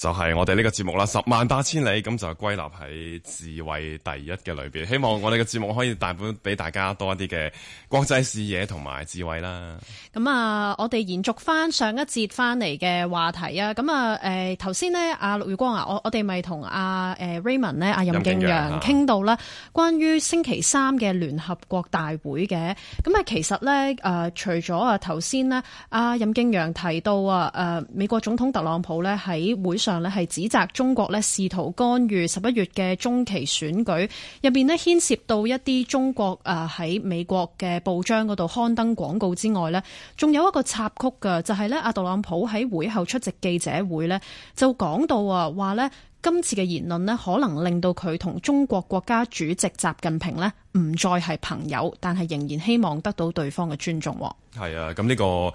就係我哋呢個節目啦，十萬八千里咁就歸納喺智慧第一嘅裏邊，希望我哋嘅節目可以帶俾大家多一啲嘅國際視野同埋智慧啦。咁、嗯、啊，我哋延續翻上，上一節翻嚟嘅話題啊。咁、呃、啊，誒頭先咧，阿陸月光啊，我我哋咪同阿誒 Raymond 咧，阿、啊、任敬陽傾到啦，啊、關於星期三嘅聯合國大會嘅。咁啊，其實咧誒、啊、除咗啊頭先咧，阿任敬陽提到啊誒美國總統特朗普咧喺會上。上呢係指責中國呢試圖干預十一月嘅中期選舉，入邊呢牽涉到一啲中國啊喺美國嘅報章嗰度刊登廣告之外呢，仲有一個插曲㗎，就係呢阿特朗普喺會後出席記者會呢，就講到啊話呢。今次嘅言論呢，可能令到佢同中國國家主席習近平呢唔再係朋友，但係仍然希望得到對方嘅尊重。係啊，咁呢個誒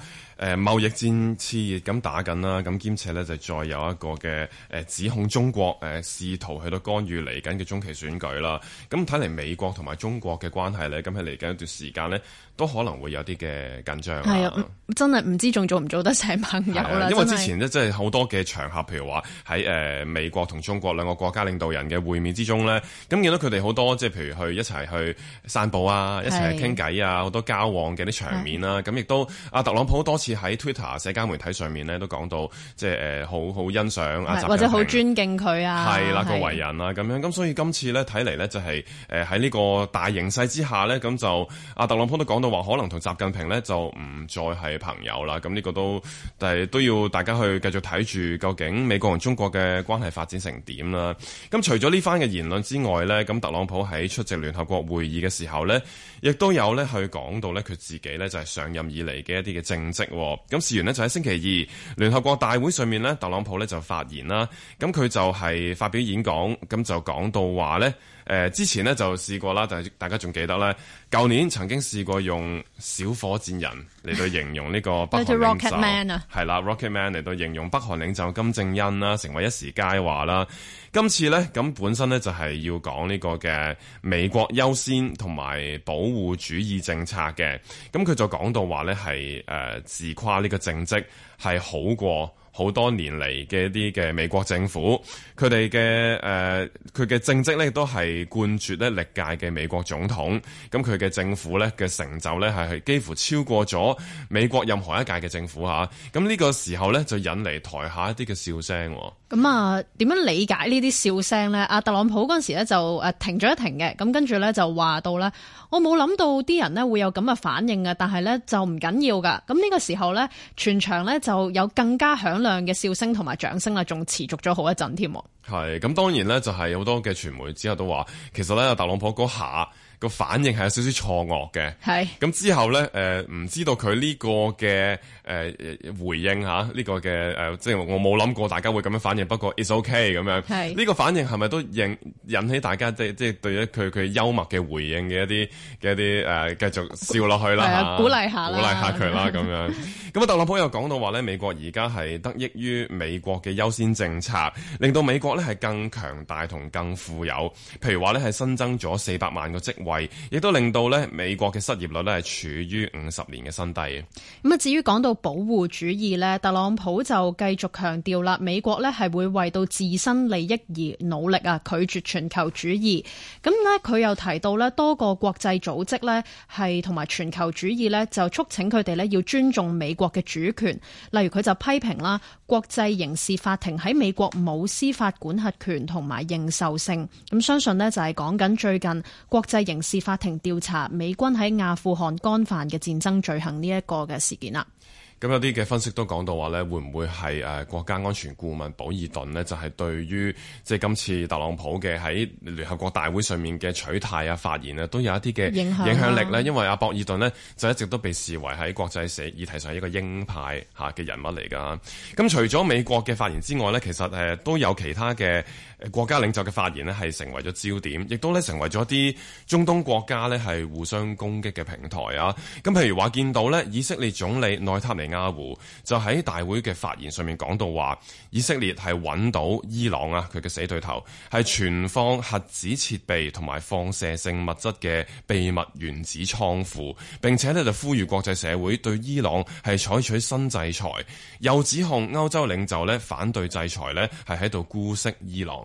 貿易戰熾熱咁打緊啦，咁兼且呢就再有一個嘅誒、呃、指控中國誒試圖去到干預嚟緊嘅中期選舉啦。咁睇嚟美國同埋中國嘅關係呢，咁喺嚟緊一段時間呢。都可能會有啲嘅緊張，係啊！真係唔知仲做唔做得成朋友啦。因為之前呢，即係好多嘅場合，譬如話喺誒美國同中國兩個國家領導人嘅會面之中咧，咁見到佢哋好多即係譬如去一齊去散步啊，一齊去傾偈啊，好是的 多交往嘅啲場面啦。咁亦是的 都阿特朗普多次喺 Twitter 社交媒體上面咧都講到，即係好好欣賞阿或者好尊敬佢啊，係啦，個為人啊咁樣。咁是的 所以今次咧睇嚟咧就係誒喺呢個大形勢之下咧，咁就阿特朗普都講話可能同習近平呢就唔再係朋友啦，咁呢個都但係都要大家去繼續睇住究竟美國同中國嘅關係發展成點啦。咁除咗呢番嘅言論之外呢，咁特朗普喺出席聯合國會議嘅時候呢，亦都有呢去講到呢佢自己呢就係上任以嚟嘅一啲嘅政績。咁事完呢，就喺星期二聯合國大會上面呢，特朗普呢就發言啦。咁佢就係發表演講，咁就講到話呢。誒之前咧就試過啦，但係大家仲記得咧，舊年曾經試過用小火箭人嚟到形容呢個北韓領袖係啦、 啊、Rocket Man 嚟到形容北韓領袖金正恩啦，成為一時佳話啦。今次咧咁本身咧就係要講呢個嘅美國優先同埋保護主義政策嘅，咁佢就講到話咧係自誇呢個政績係好過好多年嚟嘅一啲嘅美國政府，佢哋嘅誒，佢、呃、嘅政績咧，都係貫絕咧歷屆嘅美國總統，咁佢嘅政府咧嘅成就咧，係幾乎超過咗美國任何一屆嘅政府吓，咁、啊、呢個時候咧就引嚟台下一啲嘅笑聲。咁啊，點樣理解呢啲笑聲咧？阿特朗普嗰陣時咧就誒停咗一停嘅，咁跟住咧就話到咧。我冇諗到啲人呢會有咁嘅反應嘅，但係呢就唔緊要噶。咁呢個時候呢，全場呢就有更加響亮嘅笑聲同埋掌聲啦，仲持續咗好一陣添。係，咁當然呢，就係好多嘅傳媒之後都話，其實呢，特朗普嗰下。個反應係有少少錯愕嘅，係咁是之後咧，誒、呃、唔知道佢呢個嘅誒、呃、回應吓呢、這個嘅誒、呃，即係我冇諗過大家會咁樣反應，不過 it's ok 咁樣，係呢是個反應係咪都引引起大家即係即係對於佢佢幽默嘅回應嘅一啲嘅一啲誒繼續笑落去、呃啊、啦吓，鼓勵下，鼓勵下佢啦咁樣。咁啊 特朗普又講到話咧，美國而家係得益於美國嘅優先政策，令到美國咧係更強大同更富有。譬如話咧係新增咗四百萬個職。亦都令到呢美國嘅失業率呢係處於五十年嘅新低。咁啊，至於講到保護主義呢，特朗普就繼續強調啦，美國呢係會為到自身利益而努力啊，拒絕全球主義。咁呢，佢又提到呢，多個國際組織呢係同埋全球主義呢就促請佢哋呢要尊重美國嘅主權。例如佢就批評啦，國際刑事法庭喺美國冇司法管轄權同埋認受性。咁相信呢，就係講緊最近國際刑。刑事法庭調查美軍喺阿富汗干犯嘅戰爭罪行呢一個嘅事件啦。咁有啲嘅分析都講到話呢會唔會係誒國家安全顧問保爾頓呢？就係對於即係今次特朗普嘅喺聯合國大會上面嘅取態啊發言啊，都有一啲嘅影響力咧。因為阿博爾頓呢，就一直都被視為喺國際社議題上一個鷹派吓嘅人物嚟噶。咁除咗美國嘅發言之外呢，其實誒都有其他嘅。國家領袖嘅發言咧係成為咗焦點，亦都咧成為咗啲中東國家咧係互相攻擊嘅平台啊！咁譬如話見到咧，以色列總理內塔尼亞胡就喺大會嘅發言上面講到話，以色列係揾到伊朗啊，佢嘅死對頭係存放核子設備同埋放射性物質嘅秘密原子倉庫，並且咧就呼籲國際社會對伊朗係採取新制裁，又指控歐洲領袖咧反對制裁咧係喺度姑息伊朗。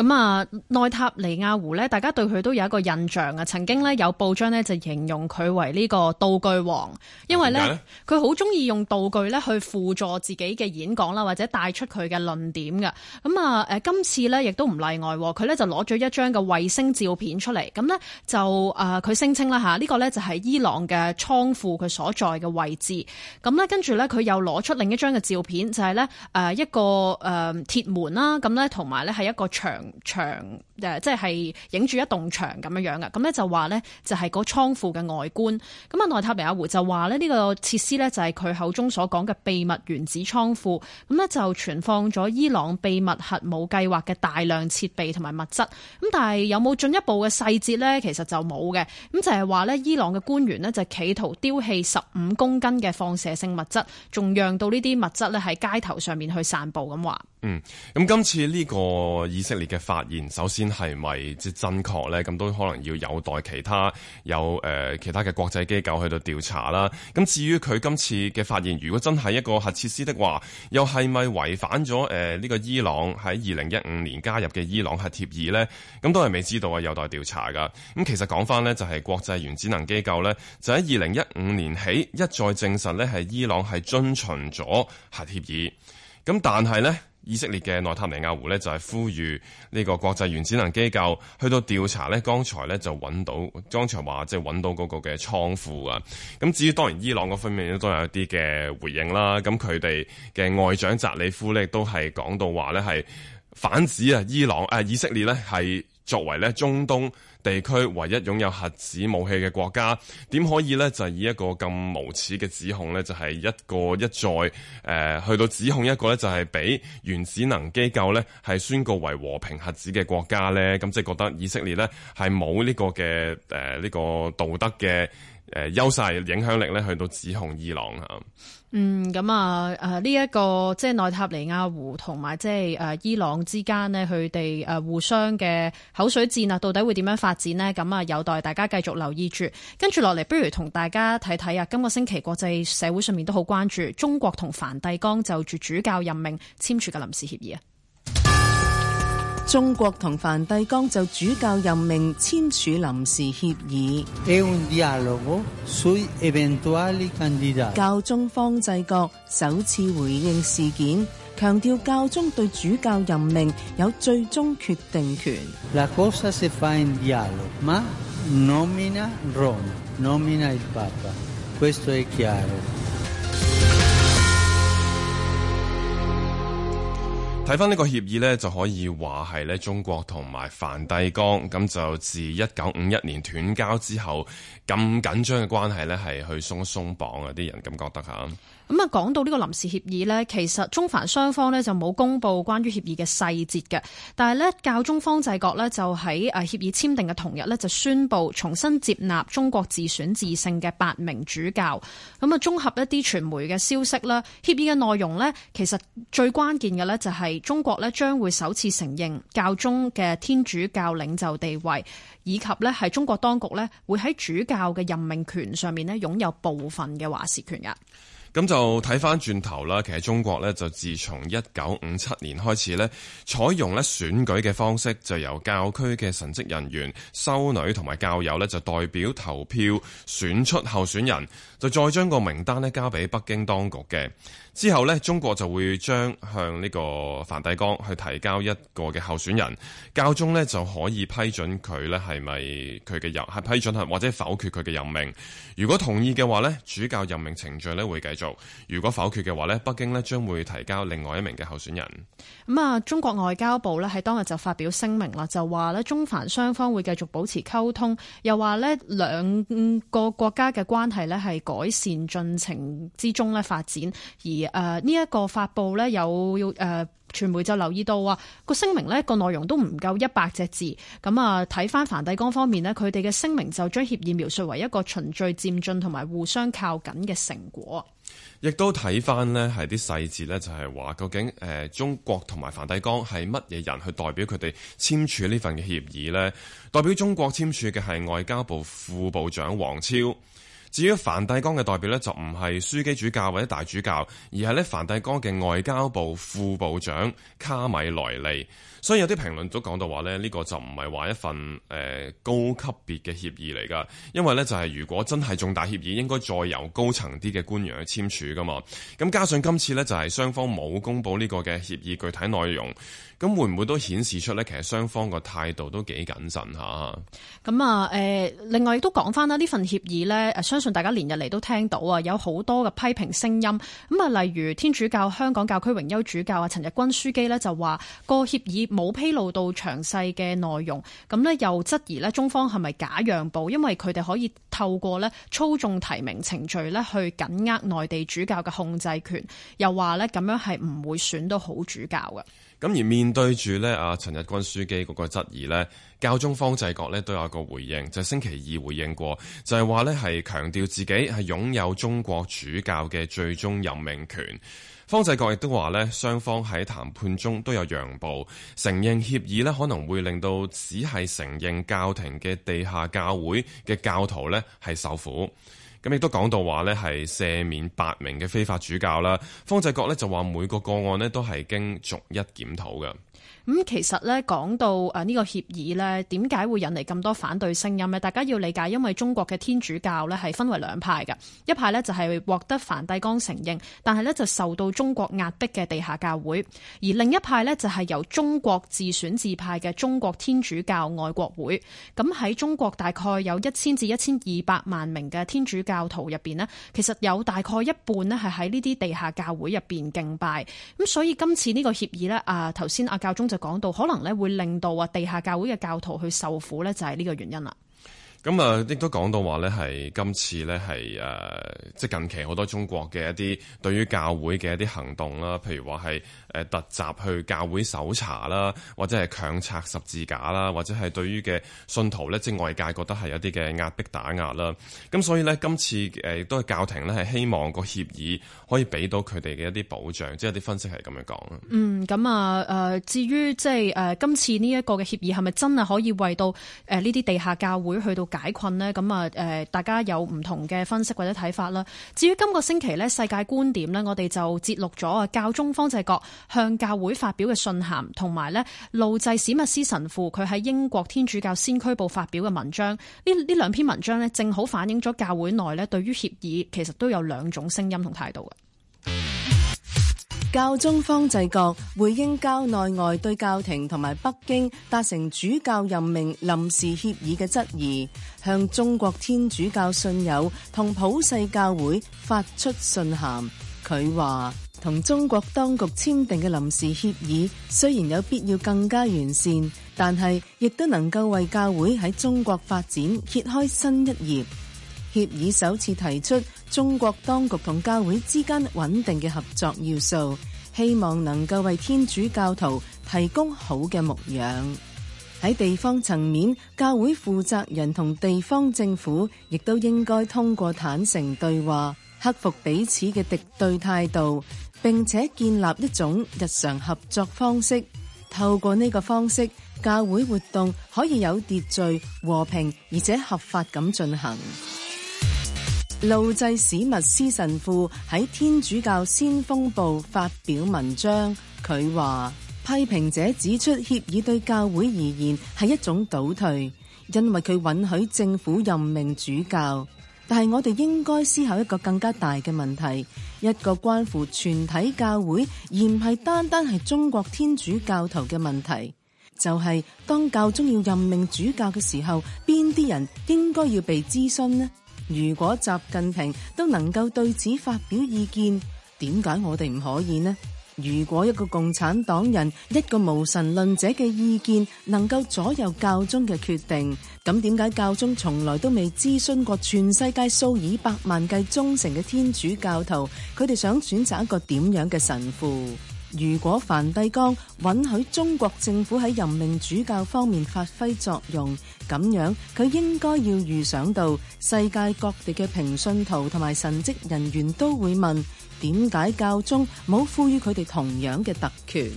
咁啊，內塔尼亞胡咧，大家對佢都有一個印象啊。曾經咧有報章咧就形容佢為呢個道具王，因為咧佢好鍾意用道具咧去輔助自己嘅演講啦，或者帶出佢嘅論點嘅。咁啊，誒、呃、今次咧亦都唔例外，佢咧就攞咗一張嘅衛星照片出嚟，咁咧就誒佢聲稱啦吓呢個咧就係伊朗嘅倉庫佢所在嘅位置。咁咧跟住咧佢又攞出另一張嘅照片，就係咧誒一個誒鐵、呃、門啦，咁咧同埋咧係一個牆。牆誒、呃，即係影住一棟牆咁樣樣噶，咁呢就話呢，就係個倉庫嘅外觀。咁啊，內塔尼亞胡就話呢，呢個設施呢，就係佢口中所講嘅秘密原子倉庫。咁呢就存放咗伊朗秘密核武計劃嘅大量設備同埋物質。咁但係有冇進一步嘅細節呢？其實就冇嘅。咁就係話呢，伊朗嘅官員呢，就企圖丟棄十五公斤嘅放射性物質，仲讓到呢啲物質呢喺街頭上面去散布。咁話。嗯，咁今次呢個以色列嘅發言，首先係咪即係正確呢？咁都可能要有待其他有誒、呃、其他嘅國際機構去到調查啦。咁至於佢今次嘅發言，如果真係一個核設施的話，又係咪違反咗誒呢個伊朗喺二零一五年加入嘅伊朗核協議呢？咁都係未知道啊，有待調查噶。咁其實講翻呢，就係、是、國際原子能機構呢，就喺二零一五年起一再證實呢，係伊朗係遵循咗核協議。咁但係呢。以色列嘅內塔尼亞胡呢，就係、是、呼籲呢個國際原子能機構去到調查呢，剛才呢，就揾到，剛才話即係揾到嗰個嘅倉庫啊。咁至於當然伊朗嗰方面都有一啲嘅回應啦。咁佢哋嘅外長扎里夫呢都係講到話呢，係反指啊，伊朗啊，以色列呢係作為呢，中東地區唯一擁有核子武器嘅國家，點可以呢？就以一個咁無恥嘅指控呢，就係一個一再誒、呃、去到指控一個呢，就係俾原子能機構呢係宣告為和平核子嘅國家呢。咁即係覺得以色列呢係冇呢個嘅誒呢個道德嘅誒優勢影響力呢，去到指控伊朗。嗯，咁啊，這個，誒呢一個即係內塔尼亞胡同埋即係誒伊朗之間呢，佢哋誒互相嘅口水戰啊，到底會點樣發展呢？咁啊，有待大家繼續留意住。跟住落嚟，不如同大家睇睇啊，今個星期國際社會上面都好關注中國同梵蒂岡就住主教任命簽署嘅臨時協議啊。中國同梵蒂岡就主教任命簽署臨時協議。教宗方濟各首次回應事件，強調教宗對主教任命有最終決定權。 睇翻呢個協議呢，就可以話係呢中國同埋梵蒂岡，咁就自一九五一年斷交之後咁緊張嘅關係呢，係去鬆鬆綁啊！啲人咁覺得嚇。咁啊，講到呢個臨時協議呢，其實中梵雙方呢就冇公布關於協議嘅細節嘅。但係呢，教宗方濟各呢就喺誒協議簽訂嘅同日呢，就宣布重新接納中國自選自聖嘅八名主教。咁啊，綜合一啲傳媒嘅消息啦，協議嘅內容呢，其實最關鍵嘅呢，就係中國呢將會首次承認教宗嘅天主教領袖地位，以及呢係中國當局呢會喺主教嘅任命權上面呢擁有部分嘅話事權㗎。咁就睇翻轉頭啦，其實中國呢，就自從一九五七年開始呢採用呢選舉嘅方式，就由教區嘅神職人員、修女同埋教友呢，就代表投票選出候選人，就再將個名單呢交俾北京當局嘅。之後呢，中國就會將向呢個梵蒂岡去提交一個嘅候選人，教宗呢，就可以批准佢呢係咪佢嘅人，批准係或者否決佢嘅任命。如果同意嘅話呢，主教任命程序呢會繼續。做如果否決嘅話咧，北京咧將會提交另外一名嘅候選人。咁啊、嗯，中國外交部咧喺當日就發表聲明啦，就話咧中梵雙方會繼續保持溝通，又話咧兩個國家嘅關係咧係改善進程之中咧發展。而誒呢一個發佈咧有誒。呃傳媒就留意到啊，個聲明呢個內容都唔夠一百隻字，咁啊睇翻，梵蒂岡方面呢，佢哋嘅聲明就將協議描述為一個循序漸進同埋互相靠緊嘅成果。亦都睇翻呢係啲細節呢，就係話究竟誒、呃、中國同埋梵蒂岡係乜嘢人去代表佢哋簽署這份協呢份嘅協議呢？代表中國簽署嘅係外交部副部長王超。至於梵蒂岡嘅代表呢就唔係樞機主教或者大主教，而係呢梵蒂岡嘅外交部副部長卡米萊利。所以有啲評論都講到話呢呢個就唔係話一份誒、呃、高級別嘅協議嚟噶，因為呢就係、是、如果真係重大協議，應該再由高層啲嘅官員去簽署噶嘛。咁加上今次呢就係雙方冇公布呢個嘅協議具體內容，咁會唔會都顯示出呢？其實雙方個態度都幾謹慎嚇？咁啊誒，另外亦都講翻啦，呢份協議呢，相信大家連日嚟都聽到啊，有好多嘅批評聲音。咁啊，例如天主教香港教區榮休主教啊陳日君樞機呢，就話個協議。冇披露到詳細嘅內容，咁呢又質疑呢中方係咪假讓步，因為佢哋可以透過呢操縱提名程序呢去緊握內地主教嘅控制權，又話呢咁樣係唔會選到好主教嘅。咁而面對住呢，啊陳日君樞機嗰個質疑呢，教宗方濟各呢都有一個回應，就係星期二回應過，就係話呢係強調自己係擁有中國主教嘅最終任命權。方濟各亦都話呢雙方喺談判中都有讓步，承認協議呢可能會令到只係承認教廷嘅地下教會嘅教徒呢係受苦。咁亦都講到話呢係赦免八名嘅非法主教啦。方濟各呢就話每個個案呢都係經逐一檢討嘅。咁其實咧講到誒呢個協議咧，點解會引嚟咁多反對聲音咧？大家要理解，因為中國嘅天主教咧係分為兩派嘅，一派咧就係獲得梵蒂岡承認，但係咧就受到中國壓迫嘅地下教會，而另一派咧就係由中國自選自派嘅中國天主教愛國會，咁喺中國大概有一千至一千二百萬名嘅天主教徒入邊咧，其實有大概一半咧係喺呢啲地下教會入邊敬拜。咁所以今次呢個協議咧，啊頭先阿教宗。就講到可能咧會令到話地下教會嘅教徒去受苦咧，就係呢個原因啦。嗯，咁啊，亦都講到話咧，係今次咧係誒，即係近期好多中國嘅一啲對於教會嘅一啲行動啦，譬如話係。誒突襲去教會搜查啦，或者係強拆十字架啦，或者係對於嘅信徒呢，即外界覺得係有啲嘅壓迫打壓、打壓啦。咁所以呢，今次誒都係教廷呢，係希望個協議可以俾到佢哋嘅一啲保障，即有啲分析係咁樣講。嗯，咁啊誒，至於即係誒、呃、今次呢一個嘅協議係咪真係可以為到誒呢啲地下教會去到解困呢？咁啊、呃、大家有唔同嘅分析或者睇法啦。至於今個星期呢，世界觀點呢，我哋就接錄咗啊，教宗方濟各。向教會發表嘅信函，同埋呢，露濟史密斯神父佢喺英國天主教先驅報發表嘅文章。呢，呢兩篇文章呢正好反映咗教會內呢對於協議其實都有兩種聲音同態度嘅。教宗方濟各回應教內外對教廷同埋北京達成主教任命臨時協議嘅質疑，向中國天主教信友同普世教會發出信函。佢話。同中國當局簽訂嘅臨時協議雖然有必要更加完善，但係亦都能夠為教會喺中國發展揭開新一頁。協議首次提出中國當局同教會之間穩定嘅合作要素，希望能夠為天主教徒提供好嘅牧養。喺地方層面，教會負責人同地方政府亦都應該通過坦誠對話，克服彼此嘅敵對態度。並且建立一種日常合作方式。透過呢個方式，教會活動可以有秩序、和平而且合法咁進行。露濟史密斯神父喺天主教先鋒報發表文章，佢話批評者指出協議對教會而言係一種倒退，因為佢允許政府任命主教。但係我哋應該思考一個更加大嘅問題，一個關乎全體教會，而唔係單單係中國天主教徒嘅問題，就係當教宗要任命主教嘅時候，邊啲人應該要被諮詢呢？如果習近平都能夠對此發表意見，點解我哋唔可以呢？如果一個共產黨人，一個無神論者嘅意見能夠左右教宗嘅決定，咁點解教宗從來都未諮詢過全世界數以百萬計忠誠嘅天主教徒？佢哋想選擇一個點樣嘅神父？如果梵蒂岡允許中國政府喺任命主教方面發揮作用，咁樣佢應該要預想到世界各地嘅平信徒同埋神職人員都會問：點解教宗冇賦予佢哋同樣嘅特權？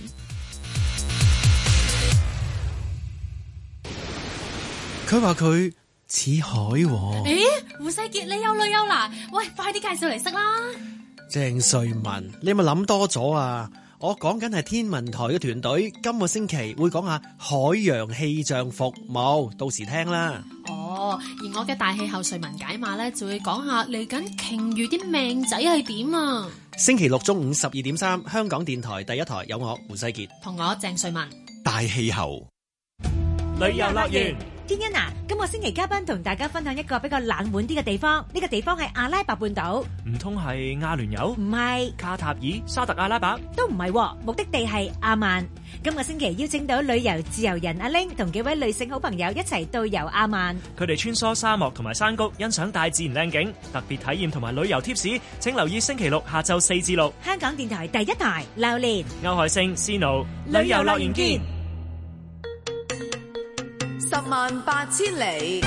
佢話佢似海王、喔。誒、欸，胡世杰，你有女友喇？喂，快啲介紹嚟識啦！鄭瑞文，你咪諗多咗啊！我講緊係天文台嘅團隊，今個星期會講下海洋氣象服務，到時聽啦。哦，而我嘅大氣候瑞文解碼咧，就會講下嚟緊鯨魚啲命仔係點啊！星期六中午十二點三，香港電台第一台有我胡世杰同我鄭瑞文大氣候旅遊樂園。天恩啊，今個星期嘉賓同大家分享一個比較冷門啲嘅地方，呢個地方係阿拉伯半島，唔通係阿聯酋？唔係卡塔爾、沙特阿拉伯都唔係，目的地係阿曼。今個星期邀請到旅遊自由人阿 ling 同幾位女性好朋友一齊到遊阿曼，佢哋穿梭沙漠同埋山谷，欣賞大自然靚景，特別體驗同埋旅遊貼士，請留意星期六下晝四至六。香港電台第一台榴蓮，歐海星、Snow 旅遊樂園見。十萬八千里，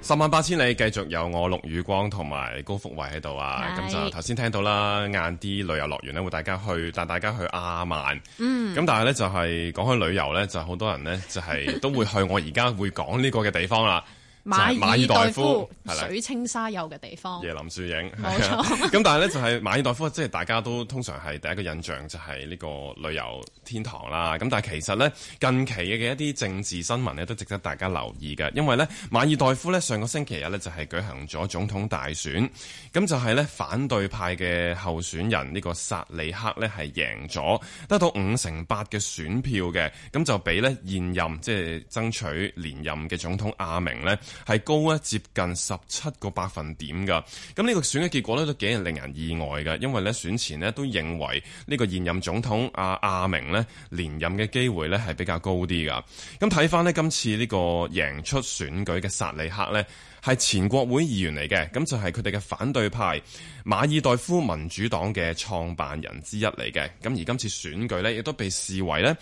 十萬八千里，繼續有我陸宇光同埋高福慧喺度啊！咁是就頭先聽到啦，晏啲旅遊樂園咧會大家去，帶大家去亞曼，咁、嗯、但係咧就係講開旅遊咧，就好、是、多人咧就係、是、都會去我而家會講呢個嘅地方啦。 馬馬爾代夫，代夫水清沙幼嘅地方，椰林樹影，咁但係呢，就係馬爾代夫，即係大家都通常係第一個印象就係呢個旅遊天堂啦。咁但係其實呢，近期嘅一啲政治新聞咧都值得大家留意嘅，因為呢馬爾代夫呢，上個星期日呢，就係舉行咗總統大選，咁就係呢反對派嘅候選人呢個薩利赫呢，係贏咗，得到五成八嘅選票嘅，咁就俾呢現任即係爭取連任嘅總統阿明呢。係高咧，接近十七個百分點噶。咁呢個選舉結果咧都幾令人意外嘅，因為咧選前咧都認為呢個現任總統阿阿明咧連任嘅機會咧係比較高啲噶。咁睇翻咧今次呢個贏出選舉嘅薩利赫呢，係前國會議員嚟嘅，咁就係佢哋嘅反對派馬爾代夫民主黨嘅創辦人之一嚟嘅。咁而今次選舉呢，亦都被視為咧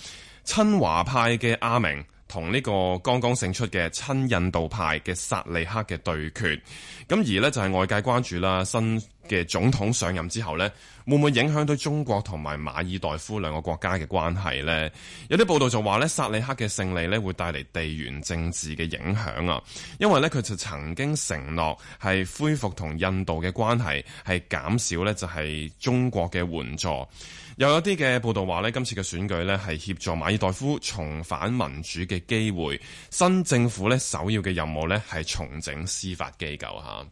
親華派嘅阿明。同呢個剛剛勝出嘅親印度派嘅薩利赫嘅對決，咁而呢，就係外界關注啦，新嘅總統上任之後呢，會唔會影響到中國同埋馬爾代夫兩個國家嘅關係呢？有啲報道就話呢薩利赫嘅勝利呢會帶嚟地緣政治嘅影響啊，因為呢，佢就曾經承諾係恢復同印度嘅關係，係減少呢就係、是、中國嘅援助。又有啲嘅報道話呢今次嘅選舉呢係協助馬爾代夫重返民主嘅機會，新政府呢首要嘅任務呢係重整司法機構嚇、啊。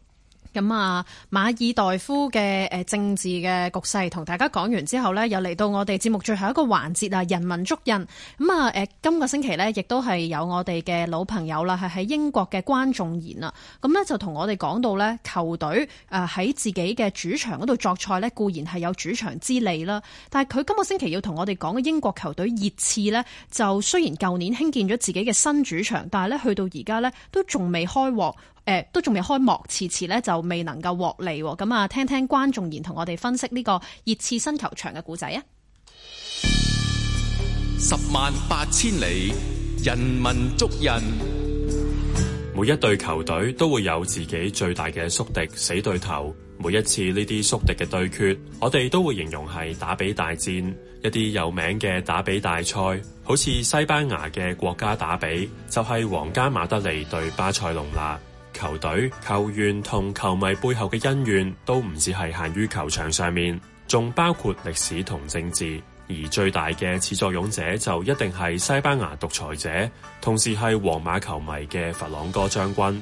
咁啊，馬爾代夫嘅政治嘅局勢，同大家講完之後呢，又嚟到我哋節目最後一個環節啊！人文足印咁啊、呃、今個星期呢，亦都係有我哋嘅老朋友啦，係喺英國嘅關仲然啦。咁呢，就同我哋講到呢，球隊喺自己嘅主場嗰度作賽呢，固然係有主場之利啦。但係佢今個星期要同我哋講嘅英國球隊熱刺呢，就雖然舊年興建咗自己嘅新主場，但係呢，去到而家呢，都仲未開鑊。都仲未開幕，遲遲咧就未能夠獲利。咁啊，聽聽關仲然同我哋分析呢個熱刺新球場嘅故仔啊。十萬八千里，人文足印。每一隊球隊都會有自己最大嘅宿敵死對頭。每一次呢啲宿敵嘅對決，我哋都會形容係打比大戰。一啲有名嘅打比大賽，好似西班牙嘅國家打比，就係、是、皇家馬德里對巴塞隆拿。球隊、球員同球迷背後嘅恩怨都唔止係限於球場上面，仲包括歷史同政治。而最大嘅始作俑者就一定係西班牙獨裁者，同時係皇馬球迷嘅弗朗哥將軍。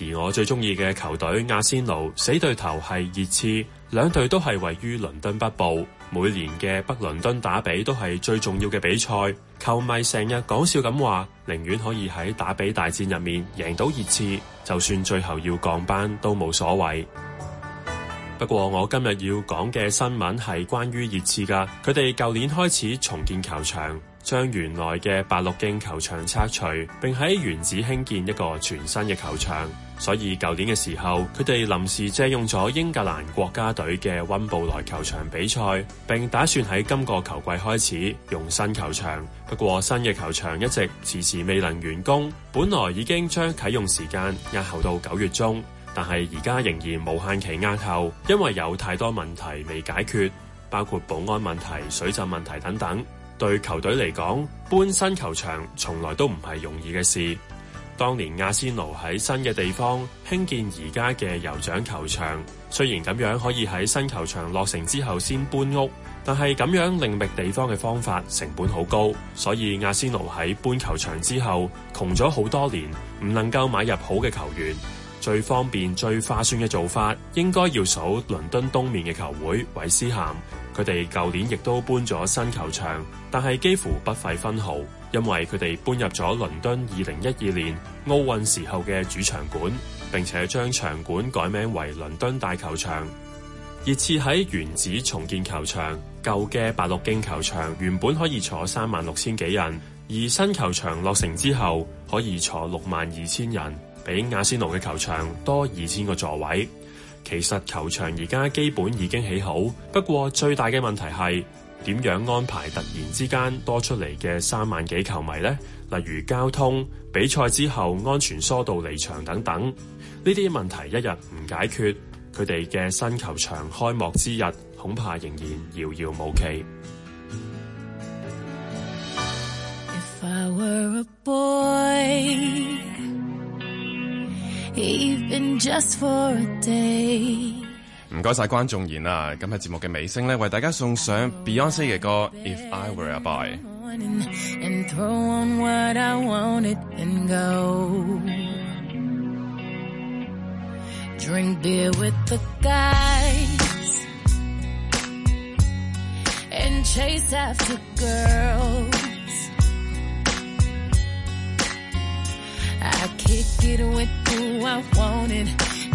而我最中意嘅球隊阿仙奴，死對頭係熱刺，兩隊都係位於倫敦北部。每年嘅北倫敦打比都係最重要嘅比賽，球迷成日講笑咁話，寧願可以喺打比大戰入面贏到熱刺，就算最後要降班都冇所謂。不過我今日要講嘅新聞係關於熱刺㗎，佢哋舊年開始重建球場，將原來嘅白鹿徑球場拆除，並喺原址興建一個全新嘅球場。所以舊年嘅時候，佢哋臨時借用咗英格蘭國家隊嘅溫布萊球場比賽，並打算喺今個球季開始用新球場。不過新嘅球場一直遲遲未能完工，本來已經將啟用時間押後到九月中，但係而家仍然無限期押後，因為有太多問題未解決，包括保安問題、水浸問題等等。對球隊嚟講，搬新球場從來都唔係容易嘅事。當年亞仙奴喺新嘅地方興建而家嘅酋長球場，雖然咁樣可以喺新球場落成之後先搬屋，但係咁樣另覓地方嘅方法成本好高，所以亞仙奴喺搬球場之後窮咗好多年，唔能夠買入好嘅球員。最方便最劃算嘅做法，應該要數倫敦東面嘅球會韋斯咸，佢哋舊年亦都搬咗新球場，但係幾乎不費分毫。因為佢哋搬入咗倫敦二零一二年奧運時候嘅主場館，並且將場館改名為倫敦大球場。熱刺喺原址重建球場，舊嘅白鹿徑球場原本可以坐三萬六千幾人，而新球場落成之後可以坐六萬二千人，比阿仙奴嘅球場多二千個座位。其實球場而家基本已經起好，不過最大嘅問題係。點樣安排突然之間多出嚟嘅三萬幾球迷呢？例如交通、比賽之後安全疏導離場等等，呢啲問題一日唔解決，佢哋嘅新球場開幕之日恐怕仍然遙遙無期。If I were a boy, 唔該曬關仲然啦，今日節目嘅尾聲呢，為大家送上 Beyonce 嘅歌《If I Were a Boy》。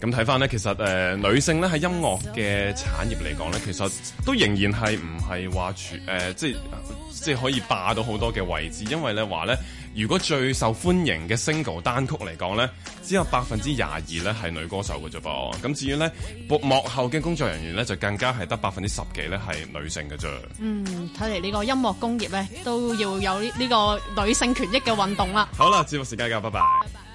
咁睇翻呢，其實誒、呃、女性咧喺音樂嘅產業嚟講咧，其實都仍然係唔係話即係即係可以霸到好多嘅位置，因為咧話咧，如果最受歡迎嘅 single 單曲嚟講咧，只有百分之廿二咧係女歌手嘅啫噃。咁至於咧幕後嘅工作人員咧，就更加係得百分之十幾咧係女性嘅啫。嗯，睇嚟呢個音樂工業咧都要有呢個女性權益嘅運動啦。好啦，節目時間㗎，拜拜。拜拜。